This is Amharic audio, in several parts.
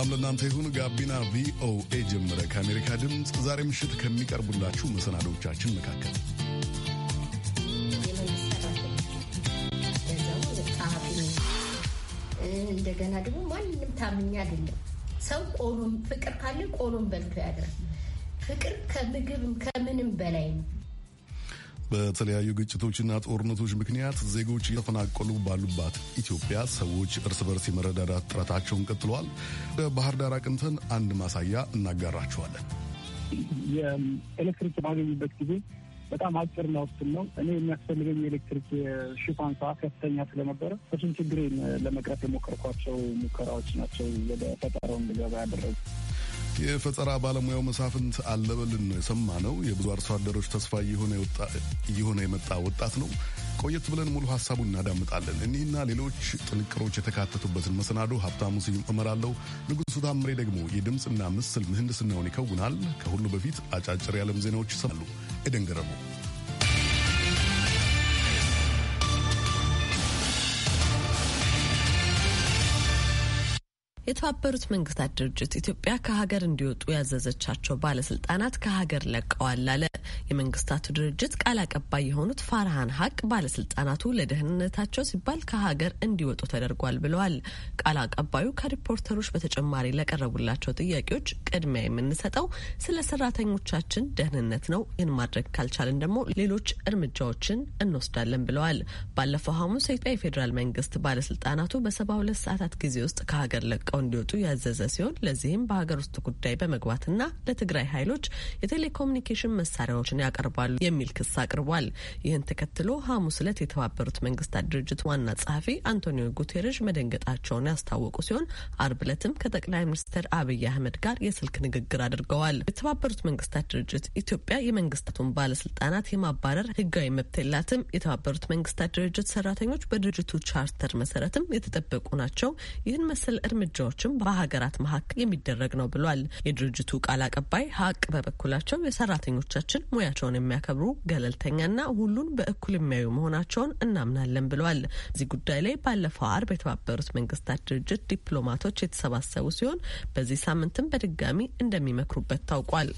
ሰላም ለእናንተ ይሁን። ጋቢና ቪኦኤ ጀመረ። ከአሜሪካ ድምፅ ዛሬ ምሽት ከሚቀርቡላችሁ መሰናዶቻችን መካከል እንደገና ደግሞ ማንም ታምኛ አይደለም ሰው ቆሎም ፍቅር ካለ ቆሎም በልቶ ያድራል። ፍቅር ከምግብም ከምንም በላይ ነው። በተለያዩ ግጭቶችና ጦርነቶች ምክንያት ዜጎች እየተፈናቀሉ ባሉባት ኢትዮጵያ ሰዎች እርስ በርስ የመረዳዳት ጥረታቸውን ቀጥለዋል። በባህር ዳር አቅንተን አንድ ማሳያ እናጋራችኋለን። የኤሌክትሪክ ባገኙበት ጊዜ በጣም አጭር ውስን ነው። እኔ የሚያስፈልገኝ የኤሌክትሪክ ሽፋን ሰዓት ከፍተኛ ስለነበረ እሱን ችግሬን ለመቅረፍ የሞከርኳቸው ሙከራዎች ናቸው ወደ ፈጠራውን ገባ ያደረጉ የፈጠራ ባለሙያው መሳፍንት አለበልን የሰማነው የብዙ አርሶ አደሮች ተስፋ እየሆነ የመጣ ወጣት ነው። ቆየት ብለን ሙሉ ሀሳቡን እናዳምጣለን። እኒህና ሌሎች ጥንቅሮች የተካተቱበትን መሰናዶ ሀብታሙ ስዩም እመራለሁ። ንጉሱ ታምሬ ደግሞ የድምፅና ምስል ምህንድስናውን ይከውናል። ከሁሉ በፊት አጫጭር የዓለም ዜናዎች ይሰማሉ። ኤደን የተባበሩት መንግስታት ድርጅት ኢትዮጵያ ከሀገር እንዲወጡ ያዘዘቻቸው ባለስልጣናት ከሀገር ለቀዋል አለ። የመንግስታቱ ድርጅት ቃል አቀባይ የሆኑት ፋርሃን ሀቅ ባለስልጣናቱ ለደህንነታቸው ሲባል ከሀገር እንዲወጡ ተደርጓል ብለዋል። ቃል አቀባዩ ከሪፖርተሮች በተጨማሪ ለቀረቡላቸው ጥያቄዎች ቅድሚያ የምንሰጠው ስለ ሰራተኞቻችን ደህንነት ነው፣ ይህን ማድረግ ካልቻለን ደግሞ ሌሎች እርምጃዎችን እንወስዳለን ብለዋል። ባለፈው ሐሙስ የኢትዮጵያ የፌዴራል መንግስት ባለስልጣናቱ በሰባ ሁለት ሰዓታት ጊዜ ውስጥ ከሀገር ለቀው ለቀው እንዲወጡ ያዘዘ ሲሆን ለዚህም በሀገር ውስጥ ጉዳይ በመግባትና ለትግራይ ኃይሎች የቴሌኮሙኒኬሽን መሳሪያዎችን ያቀርባሉ የሚል ክስ አቅርቧል። ይህን ተከትሎ ሐሙስ ዕለት የተባበሩት መንግስታት ድርጅት ዋና ጸሐፊ አንቶኒዮ ጉቴሬሽ መደንገጣቸውን ያስታወቁ ሲሆን አርብ ዕለትም ከጠቅላይ ሚኒስትር አብይ አህመድ ጋር የስልክ ንግግር አድርገዋል። የተባበሩት መንግስታት ድርጅት ኢትዮጵያ የመንግስታቱን ባለስልጣናት የማባረር ህጋዊ መብት የላትም። የተባበሩት መንግስታት ድርጅት ሰራተኞች በድርጅቱ ቻርተር መሰረትም የተጠበቁ ናቸው። ይህን መሰል እርምጃ እርምጃዎችም በሀገራት መካከል የሚደረግ ነው ብሏል። የድርጅቱ ቃል አቀባይ ሀቅ በበኩላቸው የሰራተኞቻችን ሙያቸውን የሚያከብሩ ገለልተኛና ሁሉን በእኩል የሚያዩ መሆናቸውን እናምናለን ብለዋል። እዚህ ጉዳይ ላይ ባለፈው አርብ የተባበሩት መንግስታት ድርጅት ዲፕሎማቶች የተሰባሰቡ ሲሆን በዚህ ሳምንትም በድጋሚ እንደሚመክሩበት ታውቋል።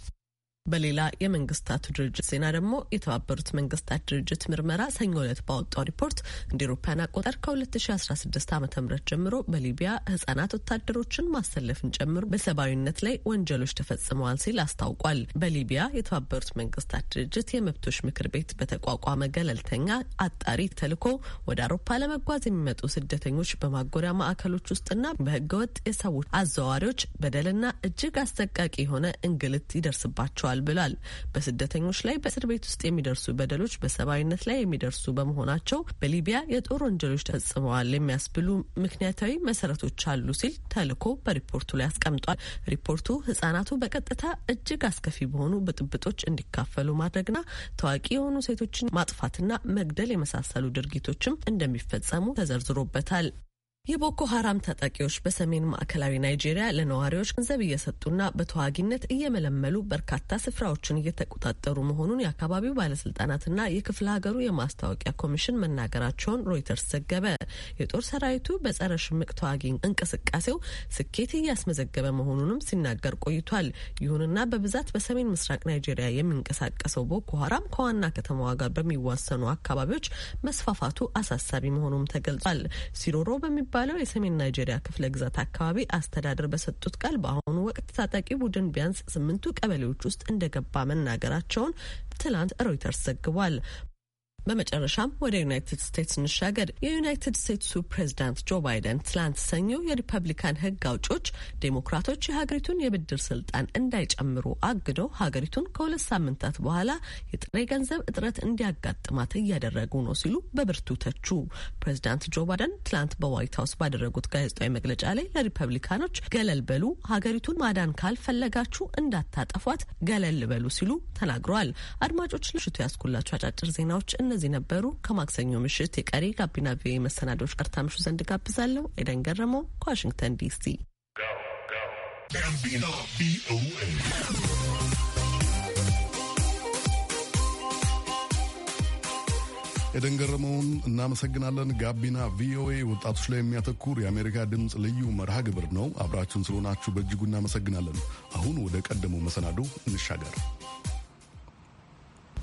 በሌላ የመንግስታቱ ድርጅት ዜና ደግሞ የተባበሩት መንግስታት ድርጅት ምርመራ ሰኞ ዕለት ባወጣው ሪፖርት እንደ ኤሮፓያን አቆጣጠር ከ2016 ዓ ም ጀምሮ በሊቢያ ህጻናት ወታደሮችን ማሰለፍን ጨምሮ በሰብአዊነት ላይ ወንጀሎች ተፈጽመዋል ሲል አስታውቋል። በሊቢያ የተባበሩት መንግስታት ድርጅት የመብቶች ምክር ቤት በተቋቋመ ገለልተኛ አጣሪ ተልኮ ወደ አውሮፓ ለመጓዝ የሚመጡ ስደተኞች በማጎሪያ ማዕከሎች ውስጥና በህገወጥ የሰዎች አዘዋዋሪዎች በደልና እጅግ አሰቃቂ የሆነ እንግልት ይደርስባቸዋል ተደርገዋል ብሏል። በስደተኞች ላይ በእስር ቤት ውስጥ የሚደርሱ በደሎች በሰብአዊነት ላይ የሚደርሱ በመሆናቸው በሊቢያ የጦር ወንጀሎች ተፈጽመዋል የሚያስብሉ ምክንያታዊ መሰረቶች አሉ ሲል ተልእኮ በሪፖርቱ ላይ አስቀምጧል። ሪፖርቱ ህጻናቱ በቀጥታ እጅግ አስከፊ በሆኑ ብጥብጦች እንዲካፈሉ ማድረግና ታዋቂ የሆኑ ሴቶችን ማጥፋትና መግደል የመሳሰሉ ድርጊቶችም እንደሚፈጸሙ ተዘርዝሮበታል። የቦኮ ሀራም ታጣቂዎች በሰሜን ማዕከላዊ ናይጄሪያ ለነዋሪዎች ገንዘብ እየሰጡና በተዋጊነት እየመለመሉ በርካታ ስፍራዎችን እየተቆጣጠሩ መሆኑን የአካባቢው ባለስልጣናትና የክፍለ ሀገሩ የማስታወቂያ ኮሚሽን መናገራቸውን ሮይተርስ ዘገበ። የጦር ሰራዊቱ በጸረ ሽምቅ ተዋጊ እንቅስቃሴው ስኬት እያስመዘገበ መሆኑንም ሲናገር ቆይቷል። ይሁንና በብዛት በሰሜን ምስራቅ ናይጄሪያ የሚንቀሳቀሰው ቦኮ ሀራም ከዋና ከተማዋ ጋር በሚዋሰኑ አካባቢዎች መስፋፋቱ አሳሳቢ መሆኑም ተገልጿል። ሲሮሮ በሚ በሚባለው የሰሜን ናይጄሪያ ክፍለ ግዛት አካባቢ አስተዳደር በሰጡት ቃል በአሁኑ ወቅት ታጣቂ ቡድን ቢያንስ ስምንቱ ቀበሌዎች ውስጥ እንደገባ መናገራቸውን ትላንት ሮይተርስ ዘግቧል። በመጨረሻም ወደ ዩናይትድ ስቴትስ እንሻገር። የዩናይትድ ስቴትሱ ፕሬዚዳንት ጆ ባይደን ትላንት ሰኞ የሪፐብሊካን ሕግ አውጮች ዴሞክራቶች የሀገሪቱን የብድር ስልጣን እንዳይጨምሩ አግደው ሀገሪቱን ከሁለት ሳምንታት በኋላ የጥሬ ገንዘብ እጥረት እንዲያጋጥማት እያደረጉ ነው ሲሉ በብርቱ ተቹ። ፕሬዚዳንት ጆ ባይደን ትላንት በዋይት ሀውስ ባደረጉት ጋዜጣዊ መግለጫ ላይ ለሪፐብሊካኖች ገለል በሉ፣ ሀገሪቱን ማዳን ካልፈለጋችሁ እንዳታጠፏት ገለል በሉ ሲሉ ተናግረዋል። አድማጮች ለሽቱ ያስኩላችሁ አጫጭር ዜናዎች እነዚህ ነበሩ። ከማክሰኞ ምሽት የቀሪ ጋቢና ቪኦኤ መሰናዶች ጋር ታምሹ ዘንድ ጋብዛለሁ። ኤደን ገረመው ከዋሽንግተን ዲሲ ኤደን ገረመውን እናመሰግናለን። ጋቢና ቪኦኤ ወጣቶች ላይ የሚያተኩር የአሜሪካ ድምፅ ልዩ መርሃ ግብር ነው። አብራችሁን ስለሆናችሁ በእጅጉ እናመሰግናለን። አሁን ወደ ቀደመው መሰናዶ እንሻገር።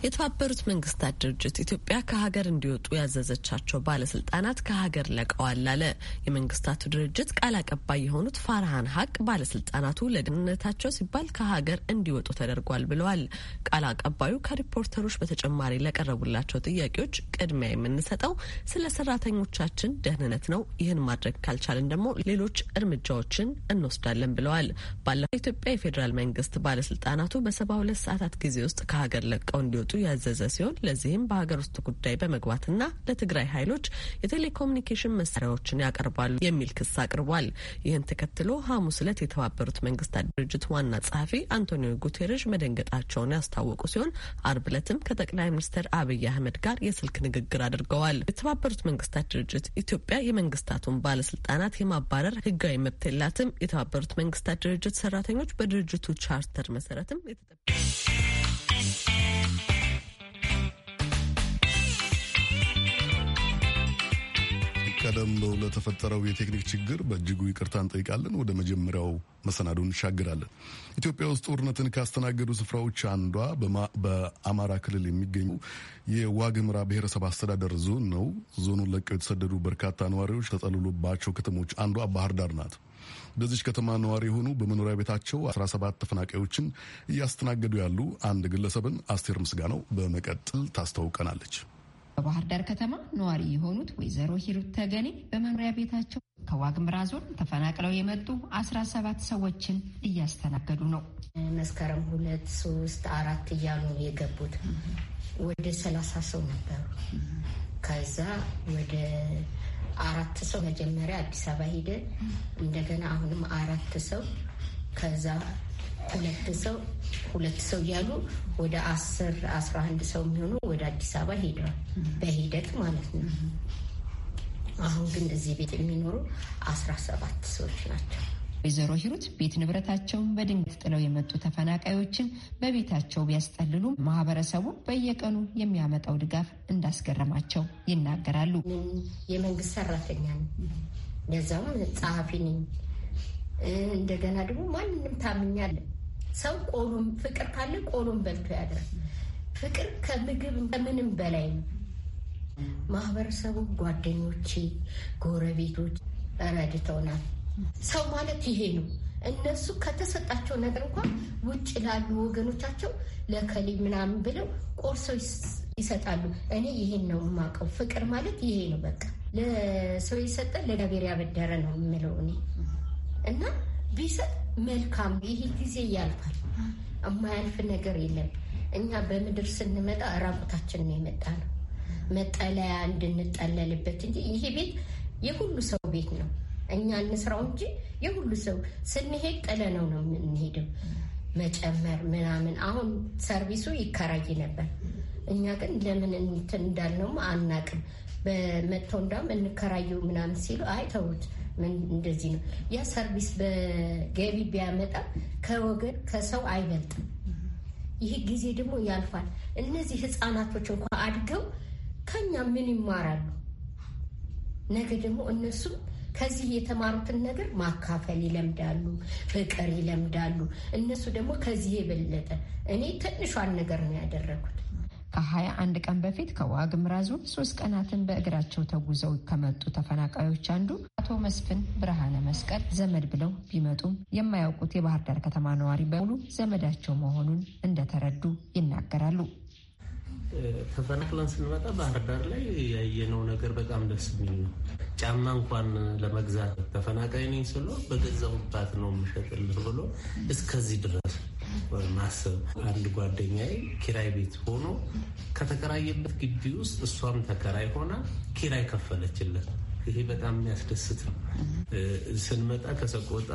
የተባበሩት መንግስታት ድርጅት ኢትዮጵያ ከሀገር እንዲወጡ ያዘዘቻቸው ባለስልጣናት ከሀገር ለቀዋል አለ። የመንግስታቱ ድርጅት ቃል አቀባይ የሆኑት ፋርሃን ሀቅ ባለስልጣናቱ ለደህንነታቸው ሲባል ከሀገር እንዲወጡ ተደርጓል ብለዋል። ቃል አቀባዩ ከሪፖርተሮች በተጨማሪ ለቀረቡላቸው ጥያቄዎች ቅድሚያ የምንሰጠው ስለ ሰራተኞቻችን ደህንነት ነው፣ ይህን ማድረግ ካልቻለን ደግሞ ሌሎች እርምጃዎችን እንወስዳለን ብለዋል። ባለፈው የፌዴራል መንግስት ባለስልጣናቱ በሰባ ሁለት ሰዓታት ጊዜ ውስጥ ከሀገር ለቀው እንዲወጡ እንዲወጡ ያዘዘ ሲሆን ለዚህም በሀገር ውስጥ ጉዳይ በመግባትና ለትግራይ ኃይሎች የቴሌኮሙኒኬሽን መሳሪያዎችን ያቀርባሉ የሚል ክስ አቅርቧል። ይህን ተከትሎ ሐሙስ ዕለት የተባበሩት መንግስታት ድርጅት ዋና ጸሐፊ አንቶኒዮ ጉቴሬሽ መደንገጣቸውን ያስታወቁ ሲሆን አርብ ዕለትም ከጠቅላይ ሚኒስትር አብይ አህመድ ጋር የስልክ ንግግር አድርገዋል። የተባበሩት መንግስታት ድርጅት ኢትዮጵያ የመንግስታቱን ባለስልጣናት የማባረር ህጋዊ መብት የላትም። የተባበሩት መንግስታት ድርጅት ሰራተኞች በድርጅቱ ቻርተር መሰረትም ቀደም ብሎ ለተፈጠረው የቴክኒክ ችግር በእጅጉ ይቅርታ እንጠይቃለን። ወደ መጀመሪያው መሰናዶ እንሻገራለን። ኢትዮጵያ ውስጥ ጦርነትን ካስተናገዱ ስፍራዎች አንዷ በአማራ ክልል የሚገኙ የዋግምራ ብሔረሰብ አስተዳደር ዞን ነው። ዞኑን ለቀው የተሰደዱ በርካታ ነዋሪዎች ተጠልሎባቸው ከተሞች አንዷ ባህር ዳር ናት። በዚች ከተማ ነዋሪ የሆኑ በመኖሪያ ቤታቸው 17 ተፈናቃዮችን እያስተናገዱ ያሉ አንድ ግለሰብን አስቴር ምስጋናው በመቀጠል ታስተዋውቀናለች። በባህር ዳር ከተማ ነዋሪ የሆኑት ወይዘሮ ሂሩት ተገኔ በመኖሪያ ቤታቸው ከዋግምራ ዞን ተፈናቅለው የመጡ አስራ ሰባት ሰዎችን እያስተናገዱ ነው። መስከረም ሁለት ሶስት አራት እያሉ የገቡት ወደ ሰላሳ ሰው ነበሩ። ከዛ ወደ አራት ሰው መጀመሪያ አዲስ አበባ ሄደ። እንደገና አሁንም አራት ሰው ከዛ ሁለት ሰው ሁለት ሰው እያሉ ወደ አስር አስራ አንድ ሰው የሚሆኑ ወደ አዲስ አበባ ሄደዋል በሂደት ማለት ነው። አሁን ግን እዚህ ቤት የሚኖሩ አስራ ሰባት ሰዎች ናቸው። ወይዘሮ ሂሩት ቤት ንብረታቸውን በድንገት ጥለው የመጡ ተፈናቃዮችን በቤታቸው ቢያስጠልሉ ማህበረሰቡ በየቀኑ የሚያመጣው ድጋፍ እንዳስገረማቸው ይናገራሉ። የመንግስት ሰራተኛ ነው፣ ለዛም ጸሐፊ ነኝ። እንደገና ደግሞ ማንንም ታምኛለን። ሰው ቆሎም ፍቅር ካለ ቆሎም በልቶ ያድራል። ፍቅር ከምግብ ከምንም በላይ ነው። ማህበረሰቡ፣ ጓደኞቼ፣ ጎረቤቶች ረድተውናል። ሰው ማለት ይሄ ነው። እነሱ ከተሰጣቸው ነገር እንኳን ውጭ ላሉ ወገኖቻቸው ለከሌ ምናምን ብለው ቆርሰው ይሰጣሉ። እኔ ይሄን ነው የማውቀው። ፍቅር ማለት ይሄ ነው። በቃ ለሰው የሰጠ ለእግዚአብሔር ያበደረ ነው የምለው እኔ እና ቢሰጥ መልካም። ይሄ ጊዜ ያልፋል፣ የማያልፍ ነገር የለም። እኛ በምድር ስንመጣ ራቁታችን ነው የመጣ ነው መጠለያ እንድንጠለልበት እንጂ ይሄ ቤት የሁሉ ሰው ቤት ነው። እኛ እንስራው እንጂ የሁሉ ሰው ስንሄድ ጥለነው ነው የምንሄደው። መጨመር ምናምን አሁን ሰርቪሱ ይከራይ ነበር። እኛ ግን ለምን እንትን እንዳልነውም አናቅም። በመጥቶ እንዳውም እንከራየው ምናምን ሲሉ አይ ተውት እንደዚህ ነው። ያ ሰርቪስ በገቢ ቢያመጣ ከወገን ከሰው አይበልጥም። ይህ ጊዜ ደግሞ ያልፋል። እነዚህ ህፃናቶች እንኳ አድገው ከኛ ምን ይማራሉ? ነገ ደግሞ እነሱም ከዚህ የተማሩትን ነገር ማካፈል ይለምዳሉ፣ ፍቅር ይለምዳሉ። እነሱ ደግሞ ከዚህ የበለጠ እኔ ትንሿን ነገር ነው ያደረኩት ከ21 ቀን በፊት ከዋግምራ ዞን ሶስት ቀናትን በእግራቸው ተጉዘው ከመጡ ተፈናቃዮች አንዱ አቶ መስፍን ብርሃነ መስቀል ዘመድ ብለው ቢመጡም የማያውቁት የባህር ዳር ከተማ ነዋሪ በሙሉ ዘመዳቸው መሆኑን እንደተረዱ ይናገራሉ። ተፈናቅለን ስንመጣ ባህር ዳር ላይ ያየነው ነገር በጣም ደስ የሚል ነው። ጫማ እንኳን ለመግዛት ተፈናቃይ ነኝ ስሎ በገዛሁባት ነው የምሸጥልህ ብሎ እስከዚህ ድረስ ማሰብ አንድ ጓደኛዬ ኪራይ ቤት ሆኖ ከተከራየበት ግቢ ውስጥ እሷም ተከራይ ሆና ኪራይ ከፈለችለት። ይሄ በጣም የሚያስደስት ነው። ስንመጣ ከሰቆጣ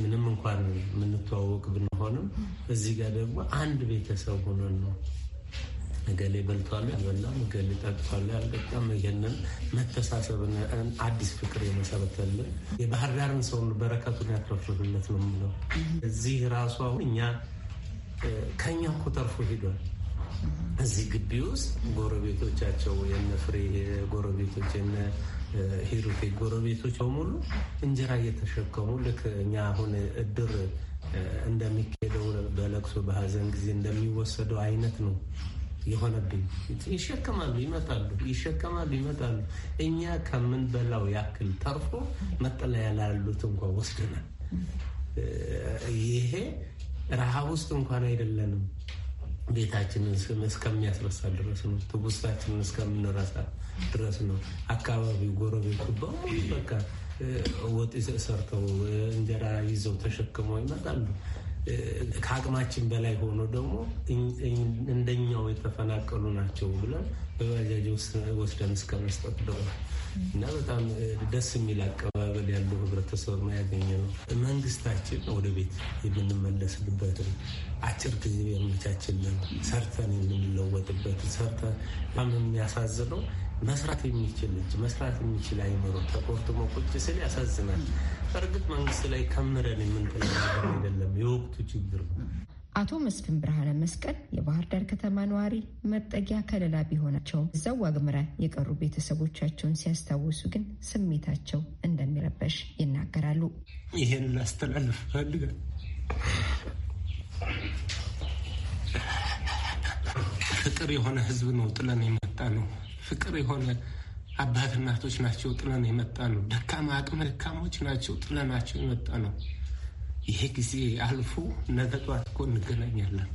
ምንም እንኳን የምንተዋወቅ ብንሆንም እዚህ ጋር ደግሞ አንድ ቤተሰብ ሆነን ነው እገሌ በልቷል አልበላም፣ እገሌ ጠጥቷል አልጠጣም። ይህንን መተሳሰብን አዲስ ፍቅር የመሰረተልን የባህር ዳርን ሰውን በረከቱን ያትረፍርፍለት ነው የምለው። እዚህ ራሱ አሁን እኛ ከኛ እኮ ተርፎ ሂዷል። እዚህ ግቢ ውስጥ ጎረቤቶቻቸው የነ ፍሬ ጎረቤቶች የነ ሂሩቴ ጎረቤቶች በሙሉ እንጀራ እየተሸከሙ ልክ እኛ አሁን እድር እንደሚካሄደው በለቅሶ በሀዘን ጊዜ እንደሚወሰደው አይነት ነው የሆነብኝ ይሸከማሉ፣ ይመጣሉ፣ ይሸከማሉ፣ ይመጣሉ። እኛ ከምንበላው ያክል ተርፎ መጠለያ ላሉት እንኳን ወስደናል። ይሄ ረሃብ ውስጥ እንኳን አይደለንም። ቤታችንን እስከሚያስረሳ ድረስ ነው። ትውስታችንን እስከምንረሳ ድረስ ነው። አካባቢው፣ ጎረቤቱ በሙሉ በቃ ወጥ ሰርተው እንጀራ ይዘው ተሸክመው ይመጣሉ። ከአቅማችን በላይ ሆኖ ደግሞ እንደኛው የተፈናቀሉ ናቸው ብለን በባጃጅ ወስደን እስከ መስጠት እና በጣም ደስ የሚል አቀባበል ያለው ህብረተሰብ ነው ያገኘ ነው። መንግስታችን ወደ ቤት የምንመለስበትን አጭር ጊዜ የሚቻችልን ሰርተን የምንለወጥበት ሰርተን በጣም የሚያሳዝነው መስራት የሚችል ልጅ መስራት የሚችል አይምሮ ተኮርትሞ ቁጭ ስል ያሳዝናል። በእርግጥ መንግስት ላይ ከምረን የምንጥለው አይደለም፣ የወቅቱ ችግር ነው። አቶ መስፍን ብርሃነ መስቀል የባህር ዳር ከተማ ነዋሪ መጠጊያ ከለላ ቢሆናቸው እዛው ዋግምራ የቀሩ ቤተሰቦቻቸውን ሲያስታውሱ ግን ስሜታቸው እንደሚረበሽ ይናገራሉ። ይሄን ላስተላልፍ ፈልጋል። ፍቅር የሆነ ህዝብ ነው ጥለን የመጣ ነው ፍቅር የሆነ አባት እናቶች ናቸው ጥለን የመጣ ነው። ደካማ አቅመ ደካሞች ናቸው ጥለናቸው የመጣ ነው። ይሄ ጊዜ አልፎ ነገ ጧት እኮ እንገናኛለን።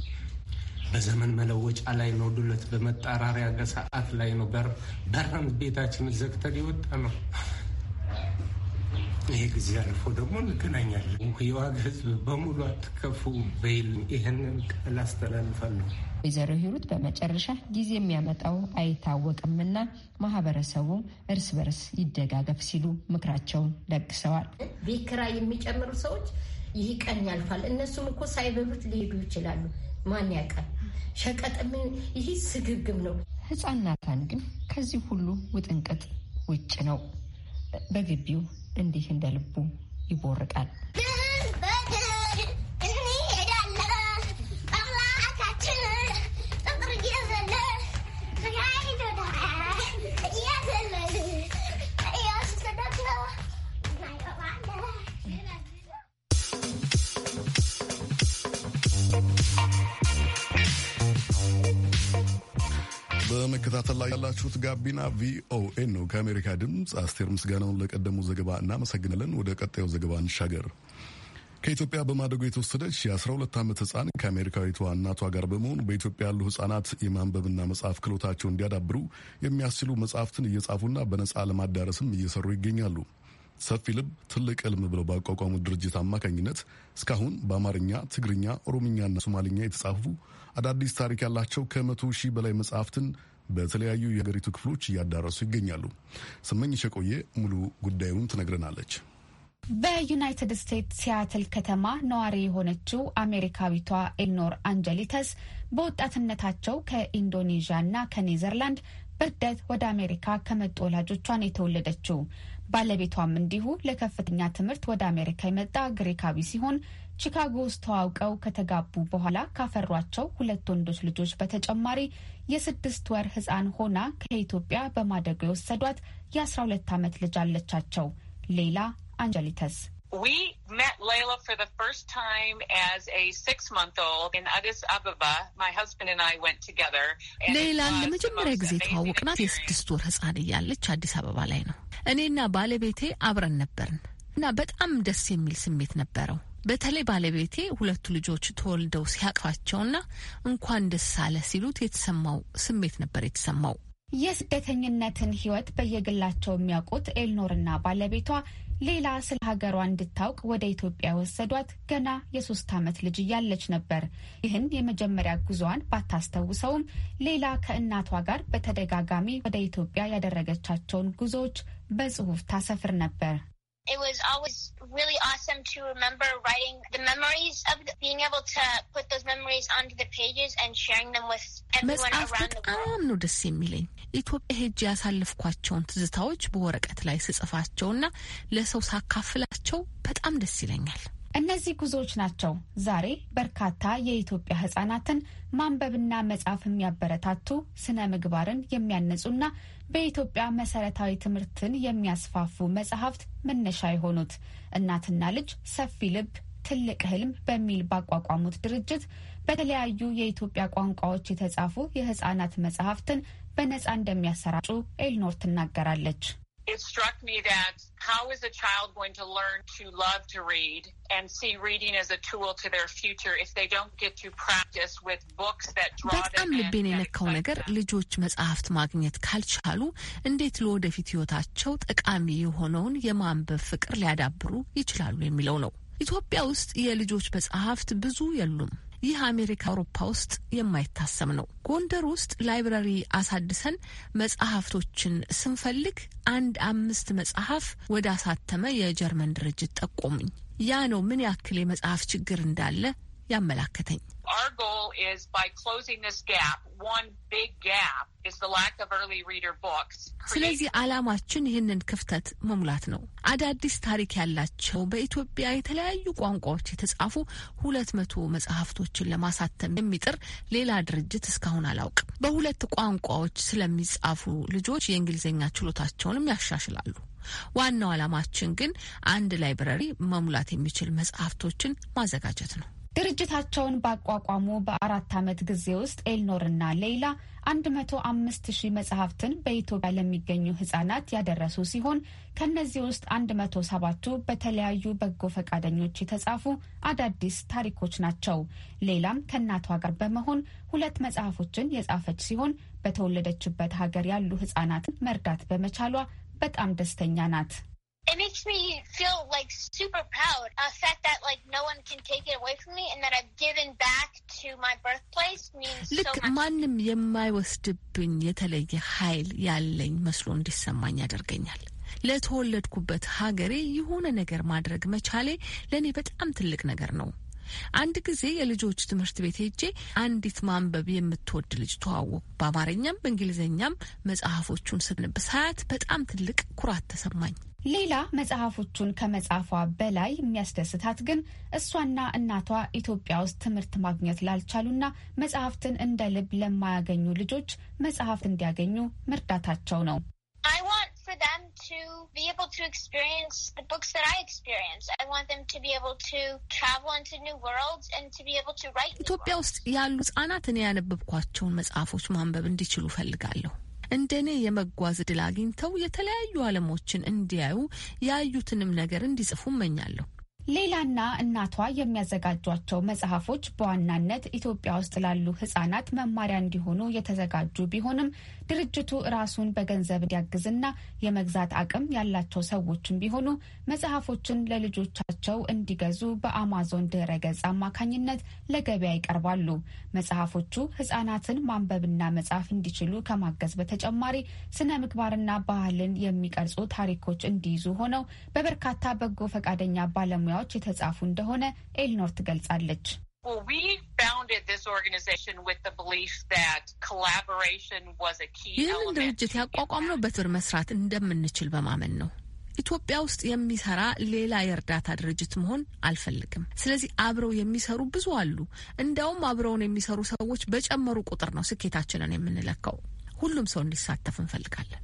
በዘመን መለወጫ ላይ ነው። ዱለት በመጣራሪያ ሰዓት ላይ ነው። በር በረን ቤታችን ዘግተን የወጣ ነው። ይሄ ጊዜ አልፎ ደግሞ እንገናኛለን። የዋግ ህዝብ በሙሉ አትከፉ በይል ይህንን ቃል አስተላልፋለሁ። ወይዘሮ ሂሩት በመጨረሻ ጊዜ የሚያመጣው አይታወቅምና ማህበረሰቡ እርስ በርስ ይደጋገፍ ሲሉ ምክራቸውን ለግሰዋል። ቤት ኪራይ የሚጨምሩ ሰዎች ይህ ቀን ያልፋል፣ እነሱም እኮ ሳይበሉት ሊሄዱ ይችላሉ። ማን ያውቃል? ሸቀጥም ይህ ስግብግብ ነው። ህፃናታን ግን ከዚህ ሁሉ ውጥንቅጥ ውጭ ነው። በግቢው እንዲህ እንደ ልቡ ይቦርቃል። በመከታተል ላይ ያላችሁት ጋቢና ቪኦኤ ነው ከአሜሪካ ድምፅ። አስቴር ምስጋናውን ለቀደሙ ዘገባ እናመሰግናለን። ወደ ቀጣዩ ዘገባ እንሻገር። ከኢትዮጵያ በማደጎ የተወሰደች የ12 ዓመት ህፃን ከአሜሪካዊቷ እናቷ ጋር በመሆን በኢትዮጵያ ያሉ ህፃናት የማንበብና መጽሐፍ ክሎታቸው እንዲያዳብሩ የሚያስችሉ መጽሐፍትን እየጻፉና በነጻ ለማዳረስም እየሰሩ ይገኛሉ። ሰፊ ልብ ትልቅ ዕልም ብለው ባቋቋሙት ድርጅት አማካኝነት እስካሁን በአማርኛ፣ ትግርኛ፣ ኦሮምኛና ሶማሊኛ የተጻፉ አዳዲስ ታሪክ ያላቸው ከመቶ ሺህ በላይ መጽሐፍትን በተለያዩ የሀገሪቱ ክፍሎች እያዳረሱ ይገኛሉ። ስመኝሽ የቆየ ሙሉ ጉዳዩን ትነግረናለች። በዩናይትድ ስቴትስ ሲያትል ከተማ ነዋሪ የሆነችው አሜሪካዊቷ ኤልኖር አንጀሊተስ በወጣትነታቸው ከኢንዶኔዥያ እና ከኔዘርላንድ በርደት ወደ አሜሪካ ከመጡ ወላጆቿን የተወለደችው ባለቤቷም እንዲሁ ለከፍተኛ ትምህርት ወደ አሜሪካ የመጣ ግሪካዊ ሲሆን ቺካጎ ውስጥ ተዋውቀው ከተጋቡ በኋላ ካፈሯቸው ሁለት ወንዶች ልጆች በተጨማሪ የስድስት ወር ሕፃን ሆና ከኢትዮጵያ በማደጉ የወሰዷት የ12 ዓመት ልጅ አለቻቸው። ሌላ አንጀሊተስ ሌላን ለመጀመሪያ ጊዜ የተዋወቅናት የስድስት ወር ህፃን እያለች አዲስ አበባ ላይ ነው። እኔና ባለቤቴ አብረን ነበርን እና በጣም ደስ የሚል ስሜት ነበረው። በተለይ ባለቤቴ ሁለቱ ልጆች ተወልደው ሲያቅፋቸውና እንኳን ደስ አለ ሲሉት የተሰማው ስሜት ነበር የተሰማው። የስደተኝነትን ህይወት በየግላቸው የሚያውቁት ኤልኖርና ባለቤቷ ሌላ ስለ ሀገሯ እንድታውቅ ወደ ኢትዮጵያ ወሰዷት። ገና የሶስት ዓመት ልጅ እያለች ነበር። ይህን የመጀመሪያ ጉዞዋን ባታስተውሰውም ሌላ ከእናቷ ጋር በተደጋጋሚ ወደ ኢትዮጵያ ያደረገቻቸውን ጉዞዎች በጽሁፍ ታሰፍር ነበር። it was always really awesome to remember writing the memories of the, being able to put those memories onto the pages and sharing them with everyone around the world. ነው ደስ የሚለኝ ኢትዮጵያ ሄጅ ያሳለፍኳቸውን ትዝታዎች በወረቀት ላይ ስጽፋቸውና ለሰው ሳካፍላቸው በጣም ደስ ይለኛል። እነዚህ ጉዞዎች ናቸው ዛሬ በርካታ የኢትዮጵያ ህጻናትን ማንበብና መጻፍ የሚያበረታቱ ስነ ምግባርን የሚያነጹና በኢትዮጵያ መሰረታዊ ትምህርትን የሚያስፋፉ መጽሐፍት መነሻ የሆኑት እናትና ልጅ ሰፊ ልብ ትልቅ ህልም በሚል ባቋቋሙት ድርጅት በተለያዩ የኢትዮጵያ ቋንቋዎች የተጻፉ የህጻናት መጽሐፍትን በነጻ እንደሚያሰራጩ ኤልኖር ትናገራለች። it struck me that how is a child going to learn to love to read and see reading as a tool to their future if they don't get to practice with books that draw በጣም ልቤን የነካው ነገር ልጆች መጽሐፍት ማግኘት ካልቻሉ እንዴት ለወደፊት ሕይወታቸው ጠቃሚ የሆነውን የማንበብ ፍቅር ሊያዳብሩ ይችላሉ የሚለው ነው። ኢትዮጵያ ውስጥ የልጆች መጽሐፍት ብዙ የሉም። ይህ አሜሪካ፣ አውሮፓ ውስጥ የማይታሰብ ነው። ጎንደር ውስጥ ላይብራሪ አሳድሰን መጽሐፍቶችን ስንፈልግ አንድ አምስት መጽሐፍ ወደ አሳተመ የጀርመን ድርጅት ጠቆሙኝ። ያ ነው ምን ያክል የመጽሐፍ ችግር እንዳለ ያመላከተኝ። ስለዚህ ዓላማችን ይህንን ክፍተት መሙላት ነው። አዳዲስ ታሪክ ያላቸው በኢትዮጵያ የተለያዩ ቋንቋዎች የተጻፉ ሁለት መቶ መጽሐፍቶችን ለማሳተም የሚጥር ሌላ ድርጅት እስካሁን አላውቅም። በሁለት ቋንቋዎች ስለሚጻፉ ልጆች የእንግሊዝኛ ችሎታቸውንም ያሻሽላሉ። ዋናው ዓላማችን ግን አንድ ላይብረሪ መሙላት የሚችል መጽሐፍቶችን ማዘጋጀት ነው። ድርጅታቸውን ባቋቋሙ በአራት ዓመት ጊዜ ውስጥ ኤልኖርና ሌይላ 105 ሺህ መጽሐፍትን በኢትዮጵያ ለሚገኙ ህጻናት ያደረሱ ሲሆን ከእነዚህ ውስጥ 107ቱ በተለያዩ በጎ ፈቃደኞች የተጻፉ አዳዲስ ታሪኮች ናቸው። ሌላም ከእናቷ ጋር በመሆን ሁለት መጽሐፎችን የጻፈች ሲሆን በተወለደችበት ሀገር ያሉ ህጻናትን መርዳት በመቻሏ በጣም ደስተኛ ናት። it makes me feel like super proud. A fact that like no one can take it away from me and that I've given back to my birthplace means so much. ማንም የማይወስድብኝ የተለየ ኃይል ያለኝ መስሎ እንዲሰማኝ ያደርገኛል። ለተወለድኩበት ሀገሬ የሆነ ነገር ማድረግ መቻሌ ለእኔ በጣም ትልቅ ነገር ነው። አንድ ጊዜ የልጆች ትምህርት ቤት ሄጄ አንዲት ማንበብ የምትወድ ልጅ ተዋወቅኩ። በአማርኛም በእንግሊዝኛም መጽሐፎቹን ስንብ ሳያት በጣም ትልቅ ኩራት ተሰማኝ። ሌላ መጽሐፎቹን ከመጽሐፏ በላይ የሚያስደስታት ግን እሷና እናቷ ኢትዮጵያ ውስጥ ትምህርት ማግኘት ላልቻሉና መጽሐፍትን እንደ ልብ ለማያገኙ ልጆች መጽሐፍት እንዲያገኙ መርዳታቸው ነው። for them to be able to experience the books that I experience. I want them to be able to travel into new worlds and to be able to write. ኢትዮጵያ ውስጥ ያሉ ህጻናት እኔ ያነበብኳቸውን መጽሐፎች ማንበብ እንዲችሉ ፈልጋለሁ። እንደ እኔ የመጓዝ እድል አግኝተው የተለያዩ ዓለሞችን እንዲያዩ ያዩትንም ነገር እንዲጽፉ እመኛለሁ። ሌላና እናቷ የሚያዘጋጇቸው መጽሐፎች በዋናነት ኢትዮጵያ ውስጥ ላሉ ህጻናት መማሪያ እንዲሆኑ የተዘጋጁ ቢሆንም ድርጅቱ ራሱን በገንዘብ እንዲያግዝና የመግዛት አቅም ያላቸው ሰዎችም ቢሆኑ መጽሐፎችን ለልጆቻቸው እንዲገዙ በአማዞን ድረ ገጽ አማካኝነት ለገበያ ይቀርባሉ። መጽሐፎቹ ህጻናትን ማንበብና መጻፍ እንዲችሉ ከማገዝ በተጨማሪ ስነ ምግባርና ባህልን የሚቀርጹ ታሪኮች እንዲይዙ ሆነው በበርካታ በጎ ፈቃደኛ ባለሙያዎች የተጻፉ እንደሆነ ኤልኖር ትገልጻለች። Well, we founded this organization with the belief that collaboration was a key element. ይህንን ድርጅት ያቋቋምነው በትብር መስራት እንደምንችል በማመን ነው። ኢትዮጵያ ውስጥ የሚሰራ ሌላ የእርዳታ ድርጅት መሆን አልፈልግም። ስለዚህ አብረው የሚሰሩ ብዙ አሉ። እንዲያውም አብረውን የሚሰሩ ሰዎች በጨመሩ ቁጥር ነው ስኬታችንን የምንለካው። ሁሉም ሰው እንዲሳተፍ እንፈልጋለን።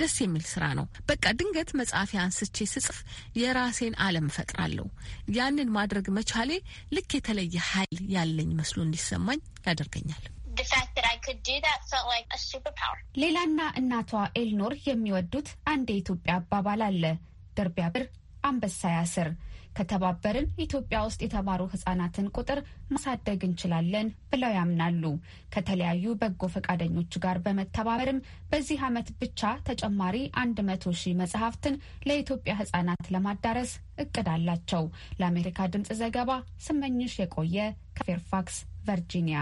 ደስ የሚል ስራ ነው። በቃ ድንገት መጻፊያ አንስቼ ስጽፍ የራሴን ዓለም እፈጥራለሁ። ያንን ማድረግ መቻሌ ልክ የተለየ ኃይል ያለኝ መስሎ እንዲሰማኝ ያደርገኛል። ሌላና እናቷ ኤልኖር የሚወዱት አንድ የኢትዮጵያ አባባል አለ፣ ደርቢያብር ብር አንበሳ ያስር ከተባበርን ኢትዮጵያ ውስጥ የተማሩ ህጻናትን ቁጥር ማሳደግ እንችላለን ብለው ያምናሉ። ከተለያዩ በጎ ፈቃደኞች ጋር በመተባበርም በዚህ ዓመት ብቻ ተጨማሪ አንድ መቶ ሺህ መጽሐፍትን ለኢትዮጵያ ህጻናት ለማዳረስ እቅድ አላቸው። ለአሜሪካ ድምፅ ዘገባ ስመኝሽ የቆየ ከፌርፋክስ ቨርጂኒያ።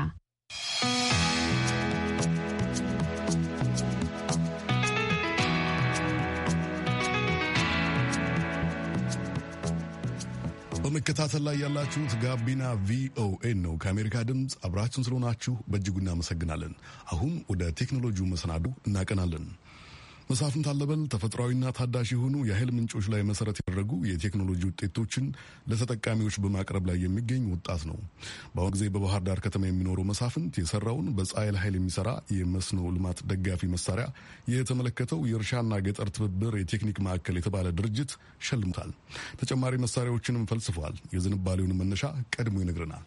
በመከታተል ላይ ያላችሁት ጋቢና ቪኦኤ ነው። ከአሜሪካ ድምፅ አብራችሁን ስለሆናችሁ በእጅጉ እናመሰግናለን። አሁን ወደ ቴክኖሎጂው መሰናዱ እናቀናለን። መሳፍንት አለበል ተፈጥሯዊና ታዳሽ የሆኑ የኃይል ምንጮች ላይ መሰረት ያደረጉ የቴክኖሎጂ ውጤቶችን ለተጠቃሚዎች በማቅረብ ላይ የሚገኝ ወጣት ነው። በአሁኑ ጊዜ በባህር ዳር ከተማ የሚኖረው መሳፍንት የሰራውን በፀሐይ ኃይል የሚሰራ የመስኖ ልማት ደጋፊ መሳሪያ የተመለከተው የእርሻና ገጠር ትብብር የቴክኒክ ማዕከል የተባለ ድርጅት ሸልሙታል። ተጨማሪ መሳሪያዎችንም ፈልስፏል። የዝንባሌውን መነሻ ቀድሞ ይነግርናል።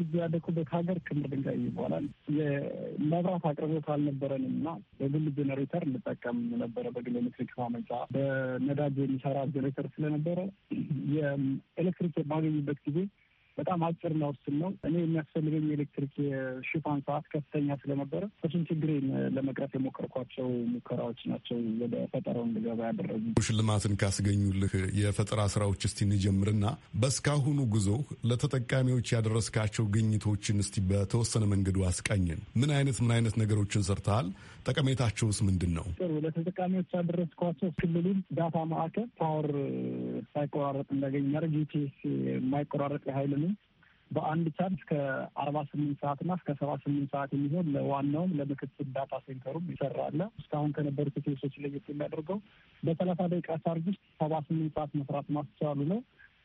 ልጅ ያደኩበት ሀገር ክምር ድንጋይ ይባላል። የመብራት አቅርቦት አልነበረን እና በግል ጄኔሬተር እንጠቀም ነበረ። በግል ኤሌክትሪክ ማመንጫ በነዳጅ የሚሰራ ጄኔሬተር ስለነበረ የኤሌክትሪክ የማገኝበት ጊዜ በጣም አጭር ናውስን ነው። እኔ የሚያስፈልገኝ የኤሌክትሪክ የሽፋን ሰዓት ከፍተኛ ስለነበረ እሱን ችግሬን ለመቅረፍ የሞከርኳቸው ሙከራዎች ናቸው ወደ ፈጠራው እንድገባ ያደረጉ። ሽልማትን ካስገኙልህ የፈጠራ ስራዎች እስቲ እንጀምርና በእስካሁኑ ጉዞ ለተጠቃሚዎች ያደረስካቸው ግኝቶችን እስቲ በተወሰነ መንገዱ አስቃኝን። ምን አይነት ምን አይነት ነገሮችን ሰርተሃል? ጠቀሜታቸውስ ምንድን ነው? ጥሩ ለተጠቃሚዎች ያደረስኳቸው ክልሉን ዳታ ማዕከል ፓወር ሳይቆራረጥ እንዳገኝ ማድረግ ዩፒኤስ የማይቆራረጥ የሀይል በአንድ ቻርጅ እስከ አርባ ስምንት ሰዓት ሰዓትና እስከ ሰባ ስምንት ሰዓት የሚሆን ለዋናውም ለምክትል ዳታ ሴንተሩም ይሰራለ። እስካሁን ከነበሩት ቴሶች ለየት የሚያደርገው በሰላሳ ደቂቃ ቻርጅ ውስጥ ሰባ ስምንት ሰዓት መስራት ማስቻሉ ነው።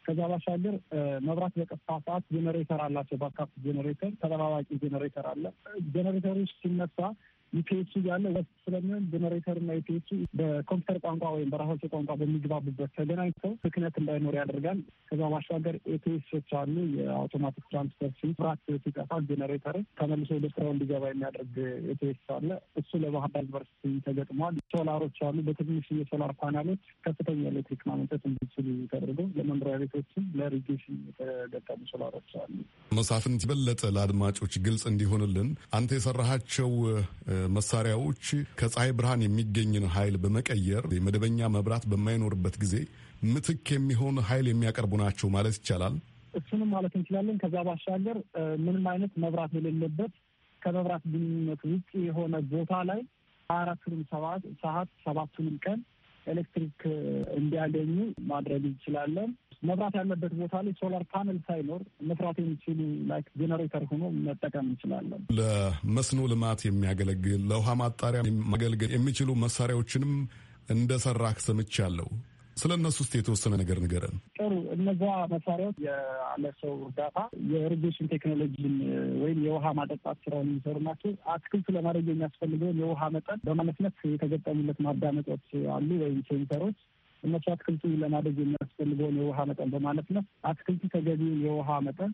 ከዛ ባሻገር መብራት በቀጥታ ሰዓት ጄኔሬተር አላቸው። ባካፕ ጄኔሬተር፣ ተጠባባቂ ጄኔሬተር አለ። ውስጥ ሲነሳ ኢፒኤሱ ያለ ሁለት ስለሚሆን ጀኔሬተር እና ኢፒኤሱ በኮምፒውተር ቋንቋ ወይም በራሳቸው ቋንቋ በሚግባቡበት ተገናኝተው ፍክነት እንዳይኖር ያደርጋል። ከዛ ማሻገር ኤፒኤሶች አሉ። የአውቶማቲክ ትራንስፈር ሲብራት ሲጠፋ ጀኔሬተር ተመልሶ ወደ ስራው እንዲገባ የሚያደርግ ኤፒኤስ አለ። እሱ ለባህር ዳር ዩኒቨርሲቲ ተገጥሟል። ሶላሮች አሉ። በትንሽ የሶላር ፓናሎች ከፍተኛ ኤሌክትሪክ ማመንጨት እንዲችሉ ተደርጎ ለመኖሪያ ቤቶችም ለሪጌሽን የተገጠሙ ሶላሮች አሉ። መሳፍንት፣ የበለጠ ለአድማጮች ግልጽ እንዲሆንልን አንተ የሰራሃቸው መሳሪያዎች ከፀሐይ ብርሃን የሚገኝን ኃይል በመቀየር የመደበኛ መብራት በማይኖርበት ጊዜ ምትክ የሚሆን ኃይል የሚያቀርቡ ናቸው ማለት ይቻላል። እሱንም ማለት እንችላለን። ከዛ ባሻገር ምንም አይነት መብራት የሌለበት ከመብራት ግንኙነት ውጭ የሆነ ቦታ ላይ አራቱንም ሰዓት ሰባቱንም ቀን ኤሌክትሪክ እንዲያገኙ ማድረግ እንችላለን። መብራት ያለበት ቦታ ላይ ሶላር ፓነል ሳይኖር መስራት የሚችሉ ላይክ ጄኔሬተር ሆኖ መጠቀም እንችላለን። ለመስኖ ልማት የሚያገለግል ለውሃ ማጣሪያ ማገልገል የሚችሉ መሳሪያዎችንም እንደሰራህ ሰምቻለሁ። ስለ እነሱ ውስጥ የተወሰነ ነገር ንገረን። ጥሩ። እነዛ መሳሪያዎች ያለ ሰው እርዳታ የኢሪጌሽን ቴክኖሎጂን ወይም የውሃ ማጠጣት ስራውን የሚሰሩ ናቸው። አትክልት ለማድረግ የሚያስፈልገውን የውሃ መጠን በማመስነት የተገጠሙለት ማዳመጦች አሉ ወይም ሴንሰሮች እነሱ አትክልቱ ለማደግ የሚያስፈልገውን የውሃ መጠን በማለት ነው። አትክልቱ ተገቢውን የውሃ መጠን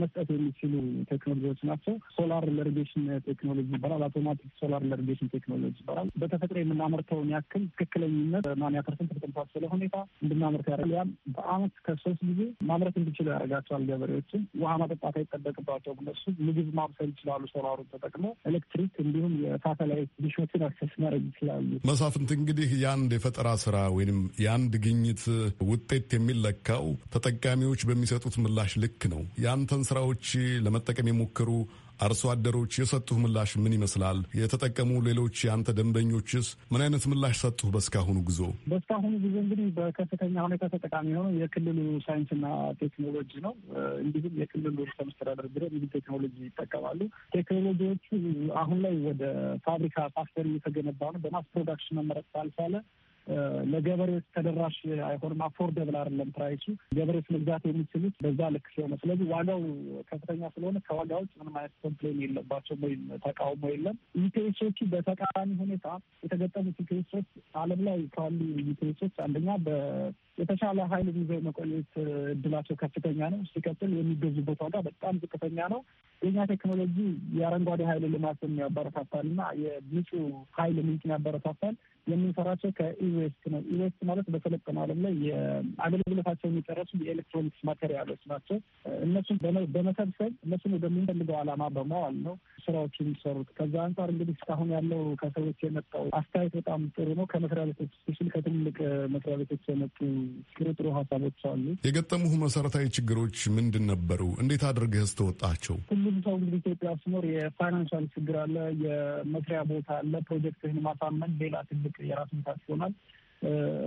መስጠት የሚችሉ ቴክኖሎጂዎች ናቸው። ሶላር ለርጌሽን ቴክኖሎጂ ይባላል። አውቶማቲክ ሶላር ለርጌሽን ቴክኖሎጂ ይባላል። በተፈጥሮ የምናመርተውን ያክል ትክክለኝነት ማንያ ፐርሰንት በተመሳሰለ ሁኔታ እንድናመርት ያደርጋል። ያም በአመት ከሶስት ጊዜ ማምረት እንዲችሉ ያደርጋቸዋል። ገበሬዎችን ውሃ ማጠጣት አይጠበቅባቸውም። እነሱ ምግብ ማብሰል ይችላሉ። ሶላሩን ተጠቅሞ ኤሌክትሪክ፣ እንዲሁም የሳተላይት ዲሾችን አክሰስ ማድረግ ይችላሉ። መሳፍንት እንግዲህ የአንድ የፈጠራ ስራ ወይም የአንድ ግኝት ውጤት የሚለካው ተጠቃሚዎች በሚሰጡት ምላሽ ልክ ነው ያን የአንተን ስራዎች ለመጠቀም የሞከሩ አርሶ አደሮች የሰጡህ ምላሽ ምን ይመስላል? የተጠቀሙ ሌሎች የአንተ ደንበኞችስ ምን አይነት ምላሽ ሰጡህ? በእስካሁኑ ጉዞ በእስካሁኑ ጉዞ እንግዲህ በከፍተኛ ሁኔታ ተጠቃሚ የሆነው የክልሉ ሳይንስና ቴክኖሎጂ ነው። እንዲሁም የክልሉ ርዕሰ መስተዳድር ቢሮ እንዲህ ቴክኖሎጂ ይጠቀማሉ። ቴክኖሎጂዎቹ አሁን ላይ ወደ ፋብሪካ ፋክተሪ እየተገነባ ነው። በማስ ፕሮዳክሽን መመረጥ ካልቻለ ለገበሬዎች ተደራሽ አይሆንም። አፎርደብል አይደለም ፕራይሱ። ገበሬዎች መግዛት የሚችሉት በዛ ልክ ሲሆነ፣ ስለዚህ ዋጋው ከፍተኛ ስለሆነ ከዋጋዎች ምንም አይነት ኮምፕሌን የለባቸው ወይም ተቃውሞ የለም። ዩቴሶቹ በተቃራኒ ሁኔታ የተገጠሙት ዩፒኤሶች ዓለም ላይ ካሉ ዩቴሶች አንደኛ በ የተሻለ ኃይል ይዘው መቆየት እድላቸው ከፍተኛ ነው። ሲቀጥል የሚገዙበት ዋጋ በጣም ዝቅተኛ ነው። የኛ ቴክኖሎጂ የአረንጓዴ ኃይል ልማትን ያበረታታል እና የንጹህ ኃይል ምንጭን ያበረታታል። የምንሰራቸው ከኢዌስት ነው። ኢዌስት ማለት በሰለጠነው ዓለም ላይ አገልግሎታቸውን የሚጠረሱ የኤሌክትሮኒክስ ማቴሪያሎች ናቸው። እነሱን በመሰብሰብ እነሱን ወደምንፈልገው ዓላማ በማዋል ነው ስራዎች የሚሰሩት። ከዛ አንጻር እንግዲህ እስካሁን ያለው ከሰዎች የመጣው አስተያየት በጣም ጥሩ ነው። ከመስሪያ ቤቶች ስል ከትልቅ መስሪያ ቤቶች የመጡ ጥሩ ጥሩ ሀሳቦች አሉ። የገጠሙህ መሰረታዊ ችግሮች ምንድን ነበሩ? እንዴት አድርገህ ስተወጣቸው? ብዙ ሰው እንግዲህ ኢትዮጵያ ሲኖር የፋይናንሻል ችግር አለ፣ የመስሪያ ቦታ አለ፣ ፕሮጀክትህን ማሳመን ሌላ ትልቅ የራሱ ምታት ይሆናል።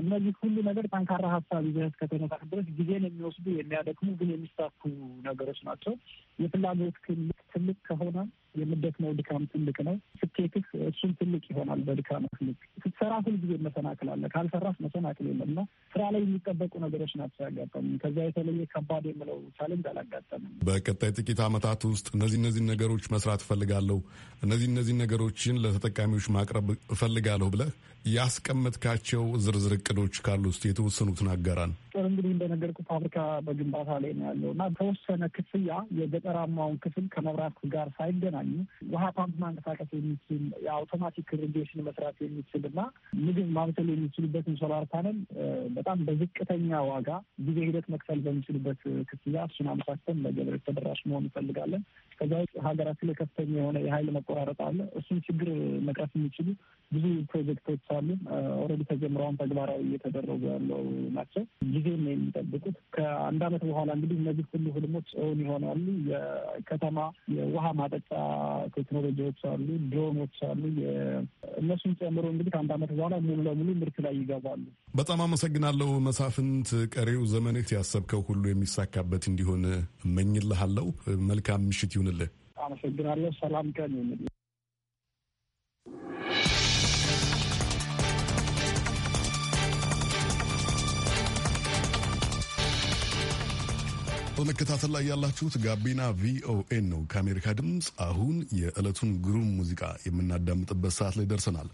እነዚህ ሁሉ ነገር ጠንካራ ሀሳብ ይዘህ ከተነሳህ ድረስ ጊዜን የሚወስዱ የሚያደክሙ ግን የሚሳኩ ነገሮች ናቸው። የፍላጎት ክልል ትልቅ ከሆነ የምደክመው ድካም ትልቅ ነው። ስኬትህ እሱም ትልቅ ይሆናል። በድካም ትልቅ ስትሰራ ሁልጊዜ መሰናክል አለ። ካልሰራስ መሰናክል የለም እና ስራ ላይ የሚጠበቁ ነገሮች ናቸው ያጋጠሙ። ከዚያ የተለየ ከባድ የምለው ቻሌንጅ አላጋጠምም። በቀጣይ ጥቂት ዓመታት ውስጥ እነዚህ እነዚህ ነገሮች መስራት እፈልጋለሁ፣ እነዚህ እነዚህ ነገሮችን ለተጠቃሚዎች ማቅረብ እፈልጋለሁ ብለህ ያስቀመጥካቸው ዝርዝር እቅዶች ካሉ ውስጥ የተወሰኑትን አጋራን። እንግዲህ እንደነገርኩ ፋብሪካ በግንባታ ላይ ነው ያለው እና ተወሰነ ክፍያ የገጠራማውን ክፍል ከመብራት ጋር ሳይገናኝ የሚያገናኙ ውሃ ፓምፕ ማንቀሳቀስ የሚችል የአውቶማቲክ ሪጌሽን መስራት የሚችል እና ምግብ ማብሰል የሚችሉበትን ሶላር ፓነል በጣም በዝቅተኛ ዋጋ ጊዜ ሂደት መክፈል በሚችሉበት ክፍያ እሱን አመቻችተን ለገበሬ ተደራሽ መሆን እንፈልጋለን። ከዛ ውጭ ሀገራችን ላይ ከፍተኛ የሆነ የሀይል መቆራረጥ አለ። እሱን ችግር መቅረፍ የሚችሉ ብዙ ፕሮጀክቶች አሉ። ኦልሬዲ ተጀምረውን ተግባራዊ እየተደረጉ ያለው ናቸው። ጊዜ ነው የሚጠብቁት። ከአንድ አመት በኋላ እንግዲህ እነዚህ ሁሉ ህልሞች እውን ይሆናሉ። የከተማ የውሃ ማጠጫ ቴክኖሎጂዎች አሉ፣ ድሮኖች አሉ። እነሱን ጨምሮ እንግዲህ ከአንድ ዓመት በኋላ ሙሉ ለሙሉ ምርት ላይ ይገባሉ። በጣም አመሰግናለሁ መሳፍንት። ቀሪው ዘመንህ ያሰብከው ሁሉ የሚሳካበት እንዲሆን እመኝልሃለሁ። መልካም ምሽት ይሁንልህ። አመሰግናለሁ። ሰላም ቀን ይሁንልህ። በመከታተል ላይ ያላችሁት ጋቢና ቪኦኤን ነው ከአሜሪካ ድምፅ። አሁን የዕለቱን ግሩም ሙዚቃ የምናዳምጥበት ሰዓት ላይ ደርሰናል።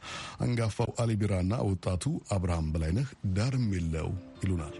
አንጋፋው አሊ ወጣቱ አብርሃም በላይነህ ዳርም የለው ይሉናል።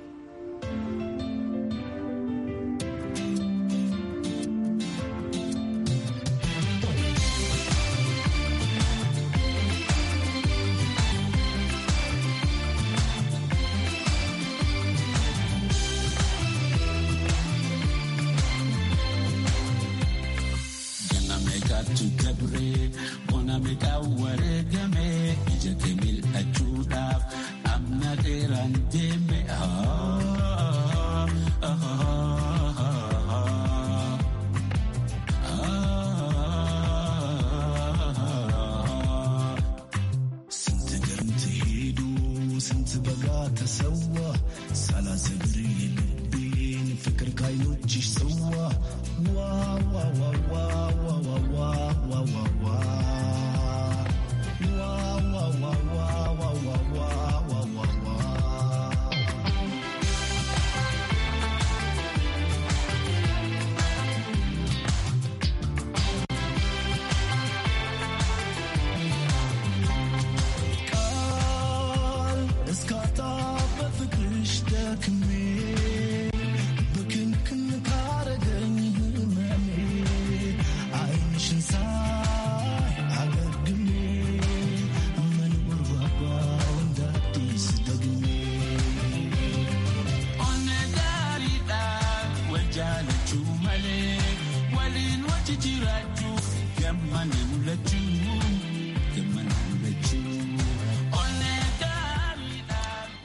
ሳላሰግር የልቤን ፍቅር ካይኖችሽ ሰዋ ዋ ዋ ዋ ዋ ዋ ዋ ዋ ዋ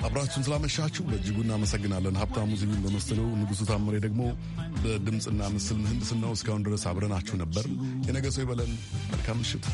አብራችሁን ስላመሻችሁ በእጅጉ እናመሰግናለን። ሀብታሙ ዝዩን በመስተለው ንጉሱ ታምሬ ደግሞ በድምፅና ምስል ምህንድስናው እስካሁን ድረስ አብረናችሁ ነበር። የነገ ሰው ይበለን። መልካም ምሽት።